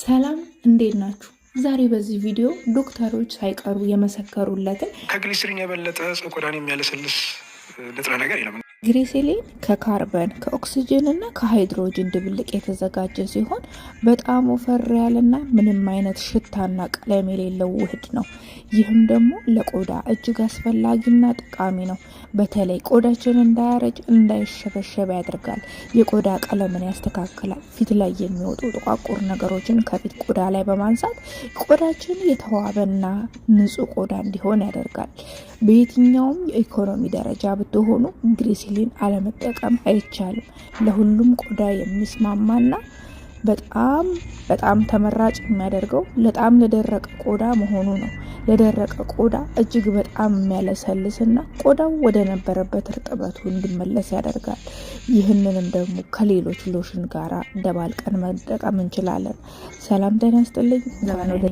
ሰላም እንዴት ናችሁ? ዛሬ በዚህ ቪዲዮ ዶክተሮች ሳይቀሩ የመሰከሩለትን ከግሊስሪን የበለጠ ቆዳን የሚያለሰልስ ንጥረ ነገር የለም። ግሪሲሊን ከካርበን ከኦክሲጅን እና ከሃይድሮጅን ድብልቅ የተዘጋጀ ሲሆን በጣም ወፈር ያለና ምንም አይነት ሽታና ቀለም የሌለው ውህድ ነው። ይህም ደግሞ ለቆዳ እጅግ አስፈላጊና ጠቃሚ ነው። በተለይ ቆዳችን እንዳያረጅ፣ እንዳይሸበሸበ ያደርጋል። የቆዳ ቀለምን ያስተካክላል። ፊት ላይ የሚወጡ ጥቋቁር ነገሮችን ከፊት ቆዳ ላይ በማንሳት ቆዳችን የተዋበና ንጹህ ቆዳ እንዲሆን ያደርጋል። በየትኛውም የኢኮኖሚ ደረጃ ብትሆኑ ግሪሲ ቫዝሊን አለመጠቀም አይቻልም። ለሁሉም ቆዳ የሚስማማና በጣም በጣም ተመራጭ የሚያደርገው በጣም ለደረቀ ቆዳ መሆኑ ነው። ለደረቀ ቆዳ እጅግ በጣም የሚያለሰልስና ቆዳው ወደ ነበረበት እርጥበቱ እንዲመለስ ያደርጋል። ይህንንም ደግሞ ከሌሎች ሎሽን ጋራ እንደባልቀን መጠቀም እንችላለን። ሰላም ጤና ይስጥልኝ።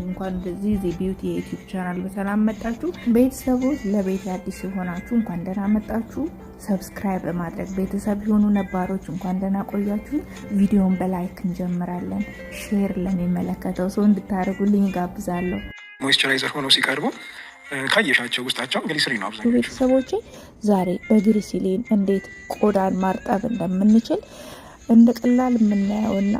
እንኳን እንደዚህ ዚ ቢዩቲ የዩቲዩብ ቻናል በሰላም መጣችሁ ቤተሰቦች። ለቤት አዲስ የሆናችሁ እንኳን ደህና መጣችሁ። ሰብስክራይብ በማድረግ ቤተሰብ የሆኑ ነባሮች እንኳን ደህና ቆያችሁ። ቪዲዮን በላይክ እንጀምራለን። ሼር ለሚመለከተው ሰው እንድታደርጉልኝ ጋብዛለሁ። ሞይስቸራይዘር ሆኖ ሲቀርቡ ካየሻቸው ውስጣቸው ግሊሰሪን ነው አብዛኛው። ቤተሰቦቼ ዛሬ በግሊሰሪን እንዴት ቆዳን ማርጠብ እንደምንችል እንደ ቀላል የምናየውና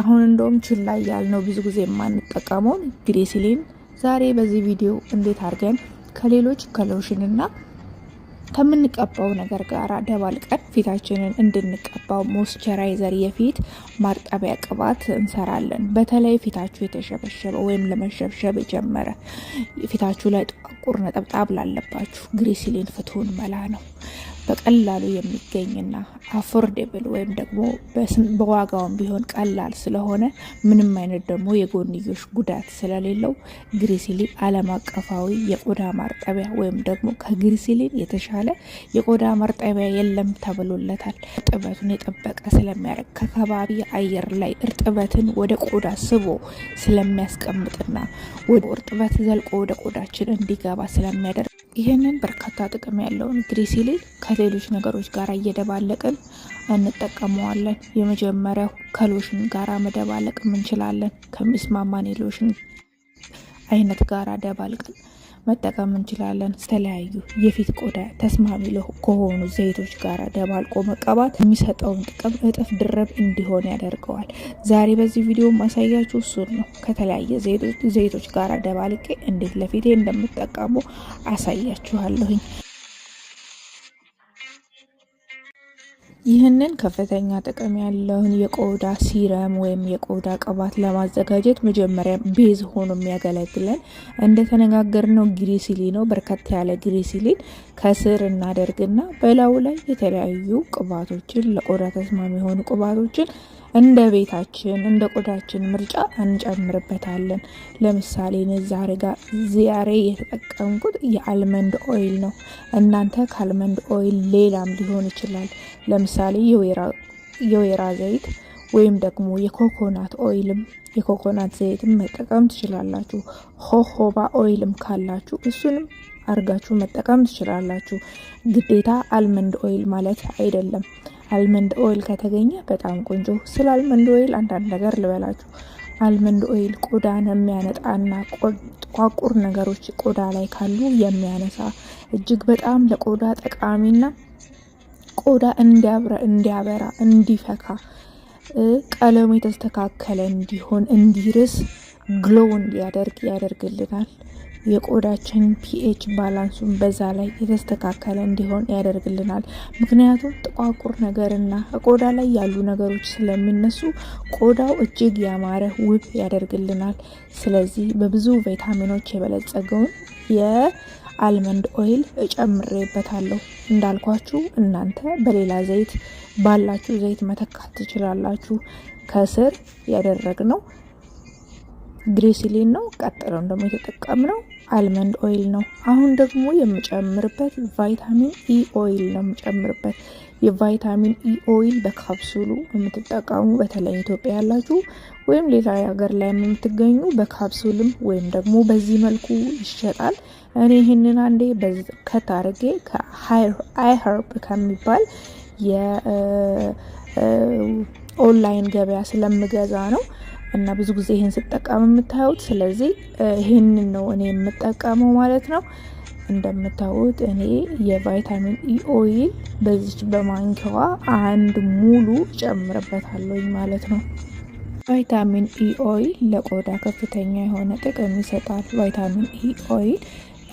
አሁን እንደውም ችላ ያልነው ብዙ ጊዜ የማንጠቀመውን ግሊሰሪን ዛሬ በዚህ ቪዲዮ እንዴት አድርገን ከሌሎች ከሎሽንና ከምንቀባው ነገር ጋር ደባልቀን ፊታችንን እንድንቀባው ሞስቸራይዘር የፊት ማርጠቢያ ቅባት እንሰራለን። በተለይ ፊታችሁ የተሸበሸበ ወይም ለመሸብሸብ የጀመረ ፊታችሁ ላይ ጥቁር ነጠብጣብ ላለባችሁ ግሪሲሊን ፍቱን መላ ነው። በቀላሉ የሚገኝና አፎርዴብል ወይም ደግሞ በዋጋውም ቢሆን ቀላል ስለሆነ ምንም አይነት ደግሞ የጎንዮሽ ጉዳት ስለሌለው ግሪሲሊን ዓለም አቀፋዊ የቆዳ ማርጠቢያ ወይም ደግሞ ከግሪሲሊን የተሻለ የቆዳ ማርጠቢያ የለም ተብሎለታል። እርጥበቱን የጠበቀ ስለሚያደርግ ከከባቢ አየር ላይ እርጥበትን ወደ ቆዳ ስቦ ስለሚያስቀምጥና ወደ እርጥበት ዘልቆ ወደ ቆዳችን እንዲገባ ስለሚያደርግ ይህንን በርካታ ጥቅም ያለውን ግሪሲሊን ከሌሎች ነገሮች ጋር እየደባለቅን እንጠቀመዋለን። የመጀመሪያው ከሎሽን ጋር መደባለቅ እንችላለን። ከሚስማማን የሎሽን አይነት ጋር ደባልቀን መጠቀም እንችላለን። ከተለያዩ የፊት ቆዳ ተስማሚ ከሆኑ ዘይቶች ጋር ደባልቆ መቀባት የሚሰጠውን ጥቅም እጥፍ ድርብ እንዲሆን ያደርገዋል። ዛሬ በዚህ ቪዲዮ ማሳያችሁ እሱን ነው። ከተለያየ ዘይቶች ጋር ደባልቄ እንዴት ለፊቴ እንደምጠቀሙ አሳያችኋለሁኝ። ይህንን ከፍተኛ ጥቅም ያለውን የቆዳ ሲረም ወይም የቆዳ ቅባት ለማዘጋጀት መጀመሪያ ቤዝ ሆኖ የሚያገለግለን እንደተነጋገርነው ግሪሲሊ ነው። በርከት ያለ ግሪሲሊን ከስር እናደርግና በላዩ ላይ የተለያዩ ቅባቶችን ለቆዳ ተስማሚ የሆኑ ቅባቶችን እንደ ቤታችን እንደ ቆዳችን ምርጫ እንጨምርበታለን። ለምሳሌ ንዛሬ ጋር ዛሬ የተጠቀምኩት የአልመንድ ኦይል ነው። እናንተ ከአልመንድ ኦይል ሌላም ሊሆን ይችላል። ለምሳሌ የወይራ ዘይት ወይም ደግሞ የኮኮናት ኦይልም የኮኮናት ዘይትም መጠቀም ትችላላችሁ። ሆሆባ ኦይልም ካላችሁ እሱንም አርጋችሁ መጠቀም ትችላላችሁ። ግዴታ አልመንድ ኦይል ማለት አይደለም። አልመንድ ኦይል ከተገኘ በጣም ቆንጆ። ስለ አልመንድ ኦይል አንዳንድ ነገር ልበላችሁ። አልመንድ ኦይል ቆዳን የሚያነጣና ቋቁር ነገሮች ቆዳ ላይ ካሉ የሚያነሳ እጅግ በጣም ለቆዳ ጠቃሚና ቆዳ እንዲያብራ፣ እንዲያበራ፣ እንዲፈካ፣ ቀለሙ የተስተካከለ እንዲሆን፣ እንዲርስ፣ ግሎው እንዲያደርግ ያደርግልናል። የቆዳችን ፒኤች ባላንሱን በዛ ላይ የተስተካከለ እንዲሆን ያደርግልናል። ምክንያቱም ጥቋቁር ነገርና ቆዳ ላይ ያሉ ነገሮች ስለሚነሱ ቆዳው እጅግ ያማረ ውብ ያደርግልናል። ስለዚህ በብዙ ቪታሚኖች የበለጸገውን የአልመንድ ኦይል እጨምሬበታለሁ። እንዳልኳችሁ እናንተ በሌላ ዘይት ባላችሁ ዘይት መተካት ትችላላችሁ። ከስር ያደረግነው ግሪሲሊን ነው። ቀጥለውን ደግሞ የተጠቀምነው አልመንድ ኦይል ነው። አሁን ደግሞ የምጨምርበት ቫይታሚን ኢ ኦይል ነው የምጨምርበት። የቫይታሚን ኢ ኦይል በካፕሱሉ የምትጠቀሙ በተለይ ኢትዮጵያ ያላችሁ ወይም ሌላ ሀገር ላይ የምትገኙ በካፕሱልም ወይም ደግሞ በዚህ መልኩ ይሸጣል። እኔ ይህንን አንዴ ከታርጌ ከአይሀርብ ከሚባል የኦንላይን ገበያ ስለምገዛ ነው። እና ብዙ ጊዜ ይህን ስጠቀም የምታዩት። ስለዚህ ይህንን ነው እኔ የምጠቀመው ማለት ነው። እንደምታዩት እኔ የቫይታሚን ኢ ኦይል በዚች በማንኪዋ አንድ ሙሉ ጨምርበታለኝ ማለት ነው። ቫይታሚን ኢ ኦይል ለቆዳ ከፍተኛ የሆነ ጥቅም ይሰጣል። ቫይታሚን ኢ ኦይል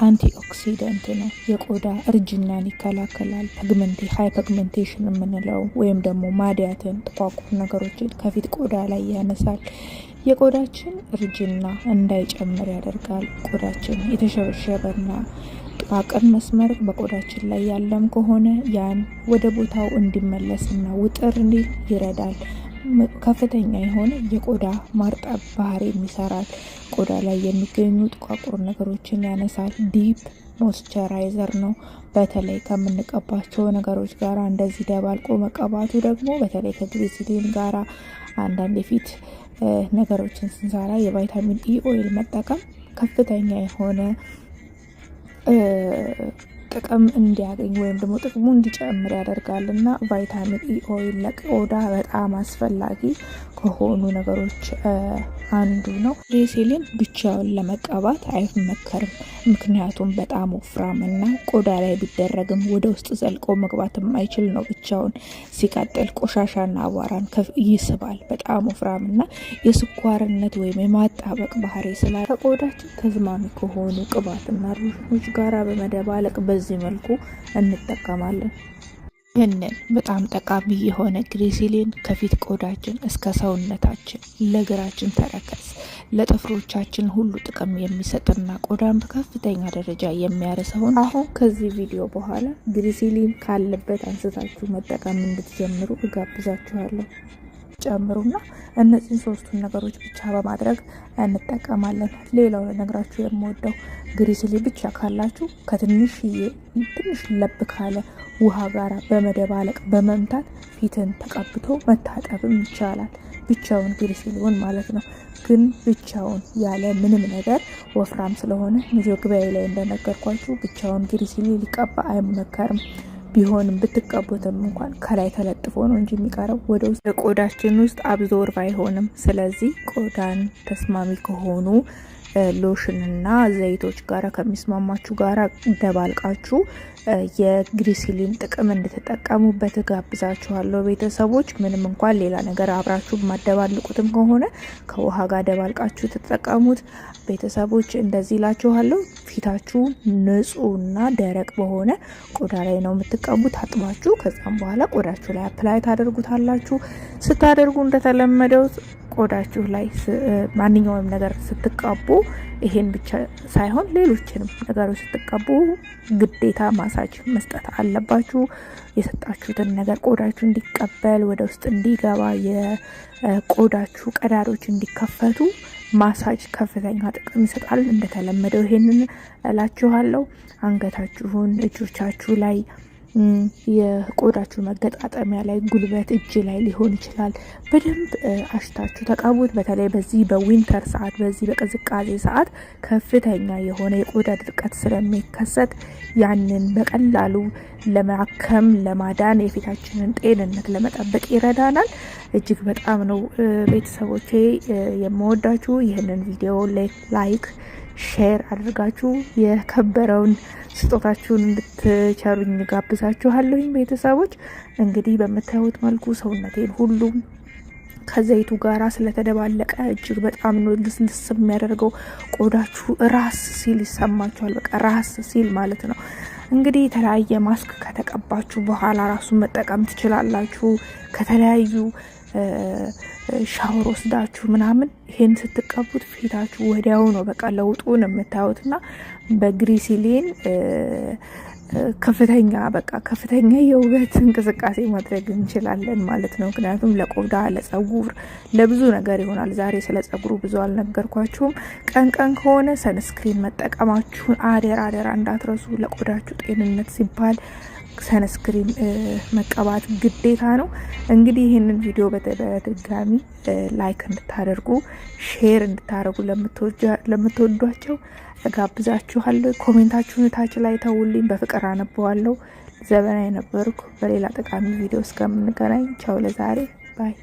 አንቲኦክሲደንት ነው። የቆዳ እርጅናን ይከላከላል። ፐግመንቴ ሀይ ፐግመንቴሽን የምንለው ወይም ደግሞ ማዲያትን፣ ጥቋቁር ነገሮችን ከፊት ቆዳ ላይ ያነሳል። የቆዳችን እርጅና እንዳይጨምር ያደርጋል። ቆዳችን የተሸበሸበና ጥቃቅን መስመር በቆዳችን ላይ ያለም ከሆነ ያን ወደ ቦታው እንዲመለስና ውጥር እንዲል ይረዳል። ከፍተኛ የሆነ የቆዳ ማርጠብ ባህሪ የሚሰራል። ቆዳ ላይ የሚገኙ ጥቋቁር ነገሮችን ያነሳል። ዲፕ ሞስቸራይዘር ነው። በተለይ ከምንቀባቸው ነገሮች ጋር እንደዚህ ደባልቆ መቀባቱ ደግሞ በተለይ ከግሪሲሊን ጋራ አንዳንድ የፊት ነገሮችን ስንሰራ የቫይታሚን ኢ ኦይል መጠቀም ከፍተኛ የሆነ ጥቅም እንዲያገኝ ወይም ደግሞ ጥቅሙ እንዲጨምር ያደርጋል እና ቫይታሚን ኢ ኦይል ለቆዳ በጣም አስፈላጊ ከሆኑ ነገሮች አንዱ ነው። ሬሴሊን ብቻውን ለመቀባት አይመከርም። ምክንያቱም በጣም ወፍራም እና ቆዳ ላይ ቢደረግም ወደ ውስጥ ዘልቆ መግባት የማይችል ነው ብቻውን። ሲቀጥል ቆሻሻና አቧራን ይስባል። በጣም ወፍራም እና የስኳርነት ወይም የማጣበቅ ባህሪ ስላለ ከቆዳችን ተዝማሚ ከሆኑ ቅባትና ሎሽኖች ጋራ በመደባለቅ በዚህ መልኩ እንጠቀማለን። ይህንን በጣም ጠቃሚ የሆነ ግሪሲሊን ከፊት ቆዳችን እስከ ሰውነታችን ለእግራችን ተረከዝ ለጥፍሮቻችን ሁሉ ጥቅም የሚሰጥና ቆዳን በከፍተኛ ደረጃ የሚያረሰውን አሁን ከዚህ ቪዲዮ በኋላ ግሪሲሊን ካለበት አንስታችሁ መጠቀም እንድትጀምሩ እጋብዛችኋለሁ። ጨምሩና እነዚህን ሶስቱን ነገሮች ብቻ በማድረግ እንጠቀማለን። ሌላው ልነግራችሁ የምወደው ግሪሲሊ ብቻ ካላችሁ ከትንሽዬ ትንሽ ለብ ካለ ውሃ ጋር በመደባለቅ በመምታት ፊትን ተቀብቶ መታጠብም ይቻላል። ብቻውን ግሪሲሊውን ማለት ነው። ግን ብቻውን ያለ ምንም ነገር ወፍራም ስለሆነ መግቢያ ላይ እንደነገርኳችሁ ብቻውን ግሪሲሊን ሊቀባ አይመከርም። ቢሆንም ብትቀቡትም እንኳን ከላይ ተለጥፎ ነው እንጂ የሚቀረው ወደ ውስጥ ቆዳችን ውስጥ አብዞርቭ አይሆንም። ስለዚህ ቆዳን ተስማሚ ከሆኑ ሎሽንና ዘይቶች ጋራ ከሚስማማችሁ ጋር ደባልቃችሁ የግሪሲሊን ጥቅም እንድትጠቀሙበት ጋብዛችኋለሁ። ቤተሰቦች ምንም እንኳን ሌላ ነገር አብራችሁ ማደባልቁትም ከሆነ ከውሃ ጋር ደባልቃችሁ ትጠቀሙት። ቤተሰቦች እንደዚህ ይላችኋለሁ። ፊታችሁ ንጹህና ደረቅ በሆነ ቆዳ ላይ ነው የምትቀቡት። አጥባችሁ ከዛም በኋላ ቆዳችሁ ላይ አፕላይ ታደርጉታላችሁ። ስታደርጉ እንደተለመደው ቆዳችሁ ላይ ማንኛውም ነገር ስትቀቡ ይሄን ብቻ ሳይሆን ሌሎችንም ነገሮች ስትቀቡ ግዴታ ማሳጅ መስጠት አለባችሁ። የሰጣችሁትን ነገር ቆዳችሁ እንዲቀበል ወደ ውስጥ እንዲገባ፣ የቆዳችሁ ቀዳዶች እንዲከፈቱ ማሳጅ ከፍተኛ ጥቅም ይሰጣል። እንደተለመደው ይሄንን እላችኋለሁ። አንገታችሁን፣ እጆቻችሁ ላይ የቆዳችሁ መገጣጠሚያ ላይ፣ ጉልበት፣ እጅ ላይ ሊሆን ይችላል። በደንብ አሽታችሁ ተቃቡት። በተለይ በዚህ በዊንተር ሰዓት፣ በዚህ በቅዝቃዜ ሰዓት ከፍተኛ የሆነ የቆዳ ድርቀት ስለሚከሰት ያንን በቀላሉ ለማከም ለማዳን፣ የፊታችንን ጤንነት ለመጠበቅ ይረዳናል። እጅግ በጣም ነው ቤተሰቦቼ የምወዳችሁ። ይህንን ቪዲዮ ላይክ ሼር አድርጋችሁ የከበረውን ስጦታችሁን እንድትቸሩኝ ጋብዛችኋለሁኝ። ቤተሰቦች እንግዲህ በምታዩት መልኩ ሰውነቴን ሁሉም ከዘይቱ ጋር ስለተደባለቀ እጅግ በጣም ነው ልስልስ የሚያደርገው። ቆዳችሁ ራስ ሲል ይሰማችኋል። በቃ ራስ ሲል ማለት ነው። እንግዲህ የተለያየ ማስክ ከተቀባችሁ በኋላ ራሱን መጠቀም ትችላላችሁ ከተለያዩ ሻወር ወስዳችሁ ምናምን ይሄን ስትቀቡት ፊታችሁ ወዲያው ነው በቃ ለውጡን የምታዩትና በግሪሲሊን ከፍተኛ በቃ ከፍተኛ የውበት እንቅስቃሴ ማድረግ እንችላለን ማለት ነው። ምክንያቱም ለቆዳ፣ ለጸጉር፣ ለብዙ ነገር ይሆናል። ዛሬ ስለ ጸጉሩ ብዙ አልነገርኳችሁም። ቀን ቀን ከሆነ ሰንስክሪን መጠቀማችሁን አደራ አደራ እንዳትረሱ ለቆዳችሁ ጤንነት ሲባል ሰነስክሪን መቀባት ግዴታ ነው። እንግዲህ ይህንን ቪዲዮ በተደጋሚ ላይክ እንድታደርጉ ሼር እንድታደርጉ ለምትወዷቸው እጋብዛችኋለሁ። ኮሜንታችሁን ታች ላይ ተውልኝ፣ በፍቅር አነበዋለሁ። ዘበና የነበርኩ በሌላ ጠቃሚ ቪዲዮ እስከምንገናኝ ቻው። ለዛሬ ባይ